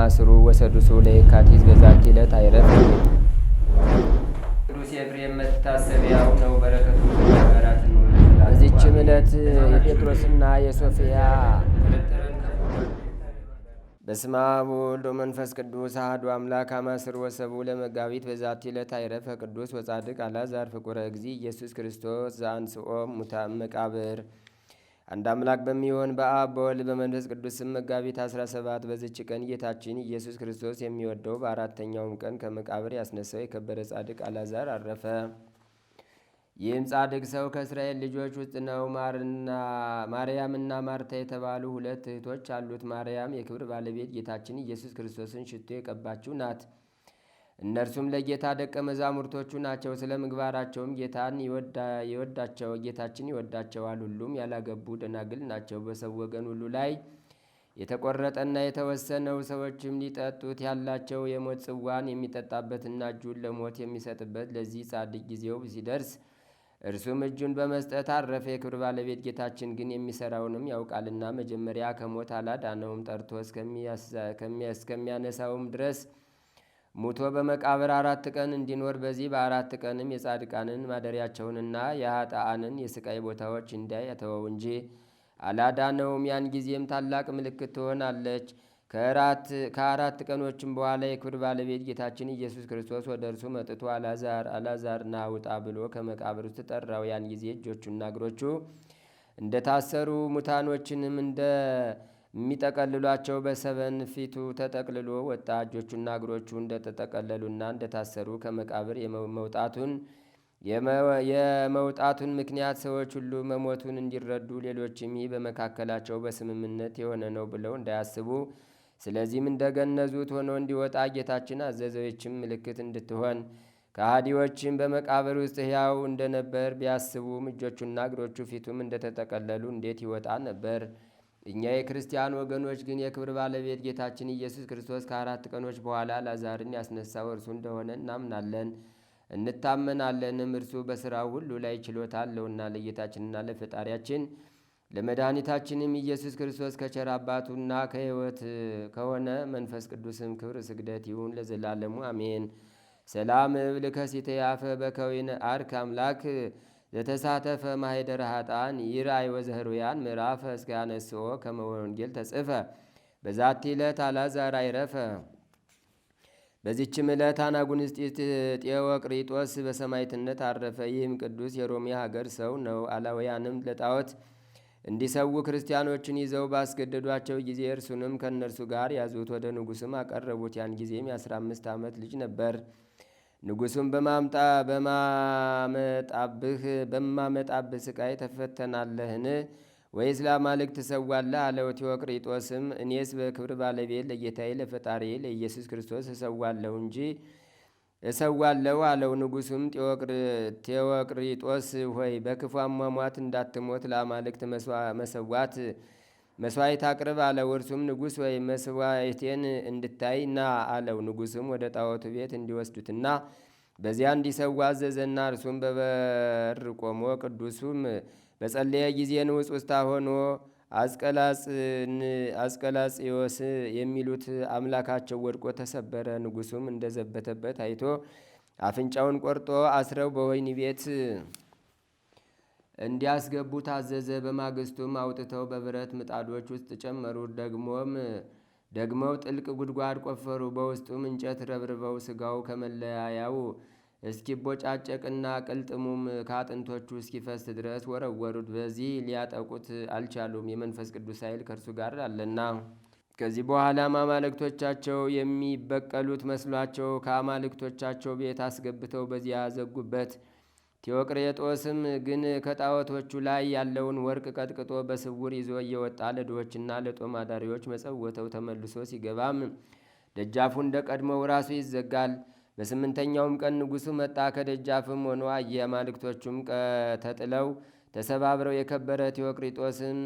ማስሩ ወሰዱሱ ለየካቲት በዛቲ ዕለት አይረፍ። ቅዱስ ኤፍሬም መታሰቢያው ነው። በረከቱ በዚችም ዕለት የጴጥሮስና የሶፊያ በስመ አብ ወመንፈስ ቅዱስ አሐዱ አምላክ አማስር ወሰቡ ለመጋቢት በዛቲ ዕለት አይረፈ ቅዱስ ወጻድቅ አላዛር ፍቁረ እግዚእ ኢየሱስ ክርስቶስ ዘአንስኦ ሙታን መቃብር አንድ አምላክ በሚሆን በአብ በወልድ በመንፈስ ቅዱስም መጋቢት 17 በዚች ቀን ጌታችን ኢየሱስ ክርስቶስ የሚወደው በአራተኛውም ቀን ከመቃብር ያስነሳው የከበረ ጻድቅ አላዛር አረፈ። ይህም ጻድቅ ሰው ከእስራኤል ልጆች ውስጥ ነው። ማርያምና ማርታ የተባሉ ሁለት እህቶች አሉት። ማርያም የክብር ባለቤት ጌታችን ኢየሱስ ክርስቶስን ሽቶ የቀባችው ናት። እነርሱም ለጌታ ደቀ መዛሙርቶቹ ናቸው። ስለ ምግባራቸውም ጌታን ይወዳቸው ጌታችን ይወዳቸዋል። ሁሉም ያላገቡ ደናግል ናቸው። በሰው ወገን ሁሉ ላይ የተቆረጠና የተወሰነው ሰዎችም ሊጠጡት ያላቸው የሞት ጽዋን የሚጠጣበትና እጁን ለሞት የሚሰጥበት ለዚህ ጻድቅ ጊዜው ሲደርስ እርሱም እጁን በመስጠት አረፈ። የክብር ባለቤት ጌታችን ግን የሚሰራውንም ያውቃልና መጀመሪያ ከሞት አላዳነውም። ጠርቶ እስከሚያነሳውም ድረስ ሙቶ በመቃብር አራት ቀን እንዲኖር በዚህ በአራት ቀንም የጻድቃንን ማደሪያቸውንና የኃጥአንን የስቃይ ቦታዎች እንዳይ ያተወው እንጂ አላዳነውም። ያን ጊዜም ታላቅ ምልክት ትሆናለች። ከአራት ቀኖችም በኋላ የክብር ባለቤት ጌታችን ኢየሱስ ክርስቶስ ወደ እርሱ መጥቶ አላዛር አላዛር ና ውጣ ብሎ ከመቃብር ውስጥ ጠራው። ያን ጊዜ እጆቹና እግሮቹ እንደታሰሩ ሙታኖችንም እንደ የሚጠቀልሏቸው በሰበን ፊቱ ተጠቅልሎ ወጣ። እጆቹና እግሮቹ እንደተጠቀለሉና እንደታሰሩ ከመቃብር የመውጣቱን የመውጣቱን ምክንያት ሰዎች ሁሉ መሞቱን እንዲረዱ ሌሎችም ይህ በመካከላቸው በስምምነት የሆነ ነው ብለው እንዳያስቡ ስለዚህም እንደገነዙት ሆኖ እንዲወጣ ጌታችን አዘዘችም ምልክት እንድትሆን ከሃዲዎችም በመቃብር ውስጥ ሕያው እንደነበር ቢያስቡም እጆቹና እግሮቹ ፊቱም እንደተጠቀለሉ እንዴት ይወጣ ነበር? እኛ የክርስቲያን ወገኖች ግን የክብር ባለቤት ጌታችን ኢየሱስ ክርስቶስ ከአራት ቀኖች በኋላ ላዛርን ያስነሳው እርሱ እንደሆነ እናምናለን እንታመናለንም። እርሱ በሥራው ሁሉ ላይ ችሎታ አለውና ለጌታችንና ለፈጣሪያችን ለመድኃኒታችንም ኢየሱስ ክርስቶስ ከቸር አባቱና ከሕይወት ከሆነ መንፈስ ቅዱስም ክብር ስግደት ይሁን ለዘላለሙ አሜን። ሰላም እብል ያፈ በከዊነ አርክ አምላክ ዘተሳተፈ ማይደር ሀጣን ይራይ ወዘህሩያን ምዕራፈ እስከ ያነስኦ ከመ ወንጌል ተጽፈ በዛቲ ዕለት አላዛር አይረፈ። በዚችም ዕለት አናጉንስጢስ ጤዎቅሪጦስ በሰማይትነት አረፈ። ይህም ቅዱስ የሮሚያ ሀገር ሰው ነው። አላውያንም ለጣዖት እንዲሰው ክርስቲያኖችን ይዘው ባስገደዷቸው ጊዜ እርሱንም ከእነርሱ ጋር ያዙት፣ ወደ ንጉስም አቀረቡት። ያን ጊዜም የአስራ አምስት ዓመት ልጅ ነበር። ንጉሱም በማምጣ በማመጣብህ በማመጣብህ ስቃይ ተፈተናለህን ወይስ ለአማልክት ትሰዋለህ አለው። ቴዎቅሪጦስም እኔስ በክብር ባለቤት ለጌታዬ ለፈጣሪ ለኢየሱስ ክርስቶስ እሰዋለሁ እንጂ እሰዋለሁ አለው። ንጉሡም ቴዎቅሪጦስ ሆይ በክፉ አሟሟት እንዳትሞት ለአማልክት መሰዋት መስዋዕት አቅርብ አለው። እርሱም ንጉሥ ወይ መስዋዕቴን እንድታይና አለው። ንጉሥም ወደ ጣዖቱ ቤት እንዲወስዱትና በዚያ እንዲሰዋ አዘዘና እርሱም በበር ቆሞ ቅዱሱም በጸለየ ጊዜ ንውፅ ውስታ ሆኖ አስቀላጽዮስ የሚሉት አምላካቸው ወድቆ ተሰበረ። ንጉሱም እንደዘበተበት አይቶ አፍንጫውን ቆርጦ አስረው በወይኒ ቤት እንዲያስገቡ ታዘዘ። በማግስቱም አውጥተው በብረት ምጣዶች ውስጥ ጨመሩ ደግሞም ደግመው ጥልቅ ጉድጓድ ቆፈሩ። በውስጡም እንጨት ረብርበው ስጋው ከመለያያው እስኪቦጫጨቅና ቅልጥሙም ከአጥንቶቹ እስኪፈስ ድረስ ወረወሩት። በዚህ ሊያጠቁት አልቻሉም፣ የመንፈስ ቅዱስ ኃይል ከእርሱ ጋር አለና። ከዚህ በኋላም አማልክቶቻቸው የሚበቀሉት መስሏቸው ከአማልክቶቻቸው ቤት አስገብተው በዚያ ያዘጉበት። ቴዎቅሬጦስም ግን ከጣዖቶቹ ላይ ያለውን ወርቅ ቀጥቅጦ በስውር ይዞ እየወጣ ለድሆችና ለጦም አዳሪዎች መጸወተው ተመልሶ ሲገባም ደጃፉ እንደ ቀድሞው ራሱ ይዘጋል። በስምንተኛውም ቀን ንጉሡ መጣ። ከደጃፍም ሆኖ አየ። አማልክቶቹም ተጥለው ተሰባብረው የከበረ ቴዎቅሪጦስም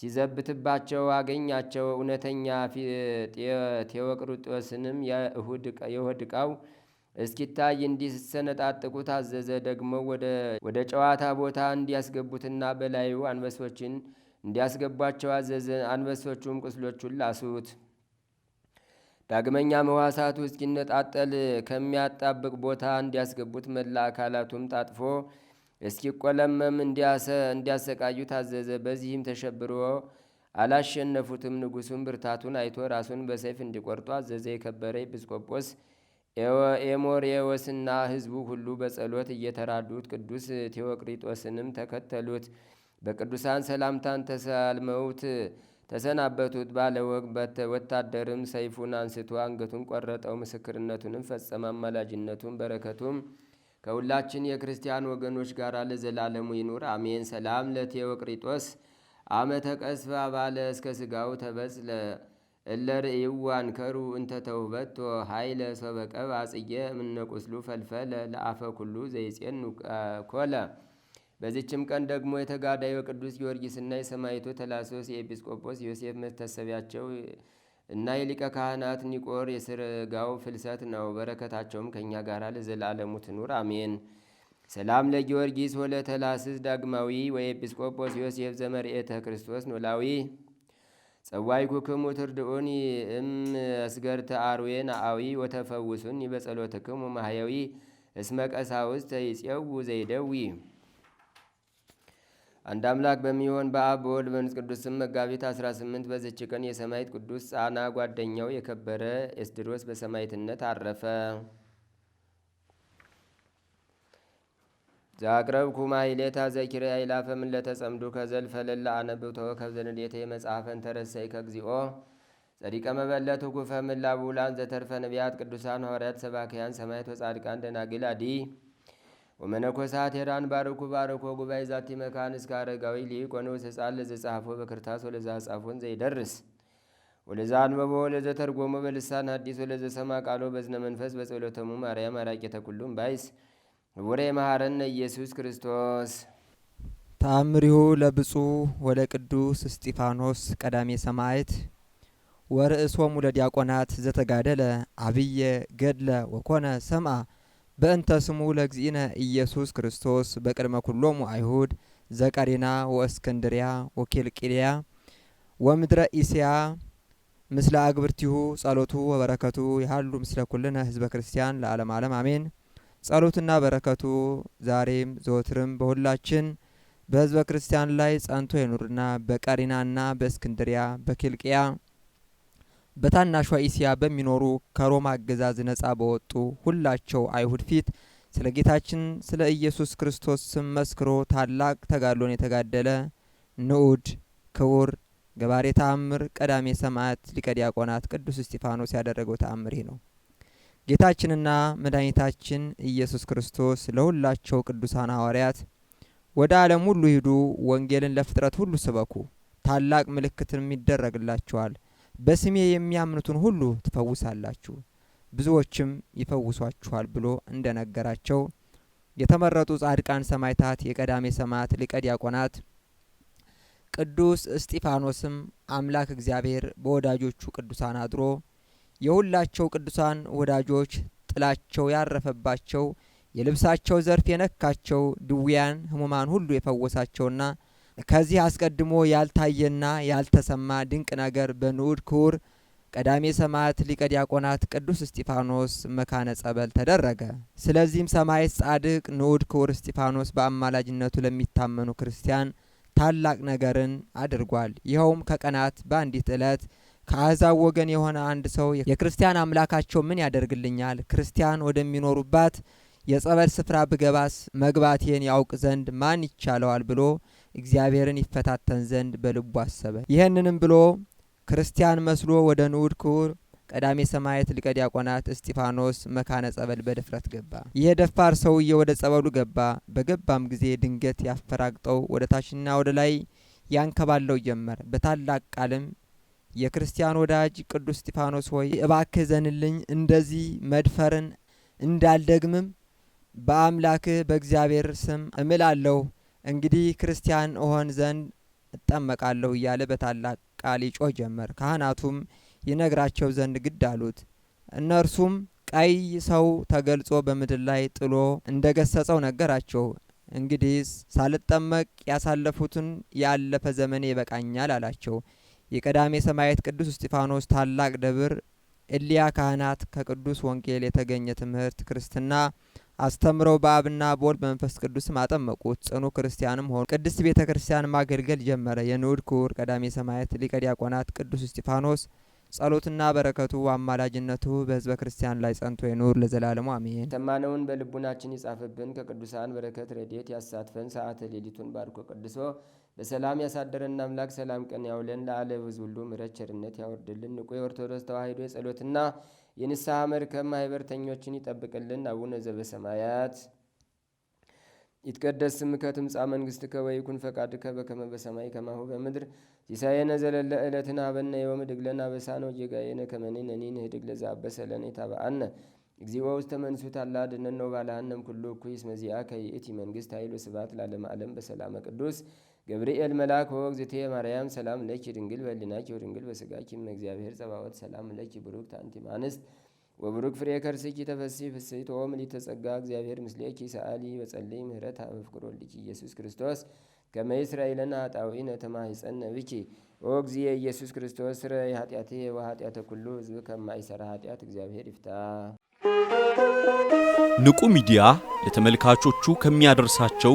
ሲዘብትባቸው አገኛቸው። እውነተኛ ቴዎቅሪጦስንም የእሁድ እስኪታይ እንዲሰነጣጥቁ ታዘዘ። ደግሞ ወደ ጨዋታ ቦታ እንዲያስገቡትና በላዩ አንበሶችን እንዲያስገቧቸው አዘዘ። አንበሶቹም ቁስሎቹን ላሱት። ዳግመኛ መዋሳቱ እስኪነጣጠል ከሚያጣብቅ ቦታ እንዲያስገቡት መላ አካላቱም ታጥፎ እስኪቆለመም እንዲያሰቃዩ ታዘዘ። በዚህም ተሸብሮ አላሸነፉትም። ንጉሱን ብርታቱን አይቶ ራሱን በሰይፍ እንዲቆርጡ አዘዘ። የከበረ ኤጲስቆጶስ ኤሞሬዎስና ህዝቡ ሁሉ በጸሎት እየተራዱት ቅዱስ ቴዎቅሪጦስንም ተከተሉት። በቅዱሳን ሰላምታን ተሳልመውት ተሰናበቱት። ባለወግ ወታደርም ሰይፉን አንስቶ አንገቱን ቆረጠው። ምስክርነቱንም ፈጸመ። አማላጅነቱን በረከቱም ከሁላችን የክርስቲያን ወገኖች ጋር ለዘላለሙ ይኑር አሜን። ሰላም ለቴዎቅሪጦስ አመተ ቀስፋ ባለ እስከ ስጋው ተበጽለ እለ ርእይዋን ከሩ እንተ ተውበቶ ሀይለ ሰበቀብ አጽየ እምነቁስሉ ፈልፈለ ለአፈ ኩሉ ዘይጼኑ ኮለ። በዚችም ቀን ደግሞ የተጋዳዩ ቅዱስ ጊዮርጊስና የሰማይቱ ተላሶስ የኤጲስቆጶስ ዮሴፍ መታሰቢያቸው እና የሊቀ ካህናት ኒቆር የስርጋው ፍልሰት ነው። በረከታቸውም ከእኛ ጋር ለዘላለሙ ትኑር አሜን። ሰላም ለጊዮርጊስ ወለ ተላስስ ዳግማዊ ወኤጲስቆጶስ ዮሴፍ ዘመርኤተ ክርስቶስ ኖላዊ ጸዋይ ጸዋይኩክሙ ትርድኡኒ እም አስገርተ አርዌን አዊ ወተፈውሱኒ በጸሎትክሙ ማህያዊ እስመ ቀሳውስተ ይጼው ዘይደዊ። አንድ አምላክ በሚሆን በአብ በወልድ በመንፈስ ቅዱስም መጋቢት 18 በዚች ቀን የሰማዕት ቅዱስ ጻና ጓደኛው የከበረ ኤስድሮስ በሰማዕትነት አረፈ። ዛቅረብኩ ማይሌታ ዘኪርያ ይላፈምን ለተጸምዱ ከዘልፈ ለላ አነብቶ ከብዘንዴተ የመጽሐፈን ተረሳይ ከግዚኦ ጸዲቀ መበለቱ ጉፈ ምላቡላን ዘተርፈ ነቢያት ቅዱሳን ሐዋርያት ሰባክያን ሰማይ ወጻድቃን ደናግል አዲ ወመነኮሳት ሄራን ባርኩ ባርኮ ጉባኤ ዛቲ መካን እስከ አረጋዊ ሊቆን ወሰጻል ለዘጻፎ በክርታስ ወለዛ ጻፎን ዘይደርስ ወለዛ አንበቦ ወለዘ ተርጎሞ በልሳን አዲስ ወለዘ ሰማ ቃሎ በዝነ መንፈስ በጸሎተሙ ማርያም አራቂ ተኩሉም ባይስ ውሬ መሐረነ ኢየሱስ ክርስቶስ ተአምሪሁ ለብፁዕ ወለ ቅዱስ እስጢፋኖስ ቀዳሜ ሰማዕት ወርእሶሙ ለዲያቆናት ዘተጋደለ አብየ ገድለ ወኮነ ሰምአ በእንተ ስሙ ለእግዚእነ ኢየሱስ ክርስቶስ በቅድመ ኩሎሙ አይሁድ ዘቀሪና ወእስክንድሪያ ወኬልቅልያ ወምድረ ኢስያ ምስለ አግብርቲሁ ጸሎቱ ወበረከቱ ያሃሉ ምስለ ኩልነ ህዝበ ክርስቲያን ለዓለም ዓለም አሜን። ጸሎትና በረከቱ ዛሬም ዘወትርም በሁላችን በህዝበ ክርስቲያን ላይ ጸንቶ ይኑርና በቀሪናና በእስክንድሪያ በኪልቅያ በታናሿ ኢስያ በሚኖሩ ከሮማ አገዛዝ ነጻ በወጡ ሁላቸው አይሁድ ፊት ስለ ጌታችን ስለ ኢየሱስ ክርስቶስ ስም መስክሮ ታላቅ ተጋድሎን የተጋደለ ንዑድ ክቡር ገባሬ ተአምር ቀዳሜ ሰማዕት ሊቀ ዲያቆናት ቅዱስ እስጢፋኖስ ያደረገው ተአምር ይህ ነው። ጌታችንና መድኃኒታችን ኢየሱስ ክርስቶስ ለሁላቸው ቅዱሳን ሐዋርያት ወደ ዓለም ሁሉ ሂዱ፣ ወንጌልን ለፍጥረት ሁሉ ስበኩ፣ ታላቅ ምልክትም ይደረግላችኋል፣ በስሜ የሚያምኑትን ሁሉ ትፈውሳላችሁ፣ ብዙዎችም ይፈውሷችኋል ብሎ እንደነገራቸው የተመረጡ ጻድቃን ሰማይታት የቀዳሜ ሰማያት ሊቀ ዲያቆናት ቅዱስ እስጢፋኖስም አምላክ እግዚአብሔር በወዳጆቹ ቅዱሳን አድሮ የሁላቸው ቅዱሳን ወዳጆች ጥላቸው ያረፈባቸው የልብሳቸው ዘርፍ የነካቸው ድውያን ህሙማን ሁሉ የፈወሳቸውና ከዚህ አስቀድሞ ያልታየና ያልተሰማ ድንቅ ነገር በንዑድ ክቡር ቀዳሜ ሰማዕት ሊቀ ዲያቆናት ቅዱስ እስጢፋኖስ መካነ ጸበል ተደረገ። ስለዚህም ሰማዕት ጻድቅ ንዑድ ክቡር እስጢፋኖስ በአማላጅነቱ ለሚታመኑ ክርስቲያን ታላቅ ነገርን አድርጓል። ይኸውም ከቀናት በአንዲት ዕለት ከአሕዛብ ወገን የሆነ አንድ ሰው የክርስቲያን አምላካቸው ምን ያደርግልኛል? ክርስቲያን ወደሚኖሩባት የጸበል ስፍራ ብገባስ መግባቴን ያውቅ ዘንድ ማን ይቻለዋል? ብሎ እግዚአብሔርን ይፈታተን ዘንድ በልቡ አሰበ። ይህንንም ብሎ ክርስቲያን መስሎ ወደ ንዑድ ክቡር ቀዳሜ ሰማየት ሊቀ ዲያቆናት እስጢፋኖስ መካነ ጸበል በድፍረት ገባ። ይህ ደፋር ሰውዬ ወደ ጸበሉ ገባ። በገባም ጊዜ ድንገት ያፈራግጠው ወደ ታችና ወደ ላይ ያንከባለው ጀመር። በታላቅ ቃልም የክርስቲያን ወዳጅ ቅዱስ እስጢፋኖስ ሆይ እባክህ ዘንልኝ፣ እንደዚህ መድፈርን እንዳልደግምም በአምላክህ በእግዚአብሔር ስም እምላለሁ። እንግዲህ ክርስቲያን እሆን ዘንድ እጠመቃለሁ እያለ በታላቅ ቃል ይጮህ ጀመር። ካህናቱም ይነግራቸው ዘንድ ግድ አሉት። እነርሱም ቀይ ሰው ተገልጾ በምድር ላይ ጥሎ እንደ ገሰጸው ነገራቸው። እንግዲህስ ሳልጠመቅ ያሳለፉትን ያለፈ ዘመኔ ይበቃኛል አላቸው። የቀዳሜ ሰማያት ቅዱስ እስጢፋኖስ ታላቅ ደብር እሊያ ካህናት ከቅዱስ ወንጌል የተገኘ ትምህርት ክርስትና አስተምረው በአብና በወልድ በመንፈስ ቅዱስም አጠመቁት። ጽኑ ክርስቲያንም ሆኑ። ቅድስት ቤተ ክርስቲያን ማገልገል ጀመረ። የንዑድ ክቡር ቀዳሜ ሰማያት ሊቀ ዲያቆናት ቅዱስ እስጢፋኖስ ጸሎትና በረከቱ አማላጅነቱ በሕዝበ ክርስቲያን ላይ ጸንቶ ይኑር ለዘላለሙ አሜን። ሰማነውን በልቡናችን ይጻፍብን፣ ከቅዱሳን በረከት ረድኤት ያሳትፈን። ሰዓተ ሌሊቱን ባርኮ ቀድሶ በሰላም ያሳደረን አምላክ ሰላም ቀን ያውለን። ለዓለም ሕዝብ ሁሉ ምሕረት ቸርነት ያወርድልን። ንቁ የኦርቶዶክስ ተዋሕዶ የጸሎትና የንስሐ መርከብ ማኅበርተኞችን ይጠብቅልን። አቡነ ዘበሰማያት ይትቀደስ ስምከ ትምጻእ መንግሥትከ ወይኩን ፈቃድከ በከመ በሰማይ ከማሁ በምድር ሲሳየነ ዘለለ ዕለትነ ሀበነ ዮም ኅድግ ለነ አበሳነ ወጌጋየነ ከመ ንሕነኒ ንኅድግ ለዘአበሰ ለነ ኢታብአነ እግዚኦ ውስተ መንሱት አላ ድነነ ወባልሃነ ኩሉ እኩይ እስመ ከይእቲ ይእቲ መንግሥት ኃይል ወስብሐት ለዓለመ ዓለም በሰላመ ቅዱስ ገብርኤል መልአክ ወእግዝእቴ ማርያም ሰላም ለኪ ድንግል በኅሊናኪ ወድንግል በሥጋኪ እምእግዚአብሔር ጸባኦት ሰላም ለኪ ብሩክት አንቲ እምአንስት ወብሩክ ፍሬ ከርስኪ ተፈሲ ፍሥሕት ወምልዕተ ጸጋ እግዚአብሔር ምስሌኪ ሰአሊ በጸልይ ምህረታ በፍቅር ወልድኪ ኢየሱስ ክርስቶስ ከመ እስራኤልን ኃጣውኢነ ተማኅፀነ ብኪ ኦ እግዚእ ኢየሱስ ክርስቶስ ስረይ ኃጢአቴ ወኃጢአተ ኩሉ ሕዝብ ከማይሠራ ኃጢአት እግዚአብሔር ይፍታ። ንቁ ሚዲያ ለተመልካቾቹ ከሚያደርሳቸው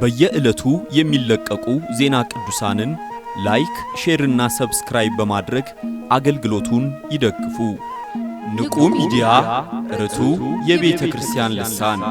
በየዕለቱ የሚለቀቁ ዜና ቅዱሳንን ላይክ፣ ሼርና ሰብስክራይብ በማድረግ አገልግሎቱን ይደግፉ። ንቁ ሚዲያ ርቱ የቤተ ክርስቲያን ልሳን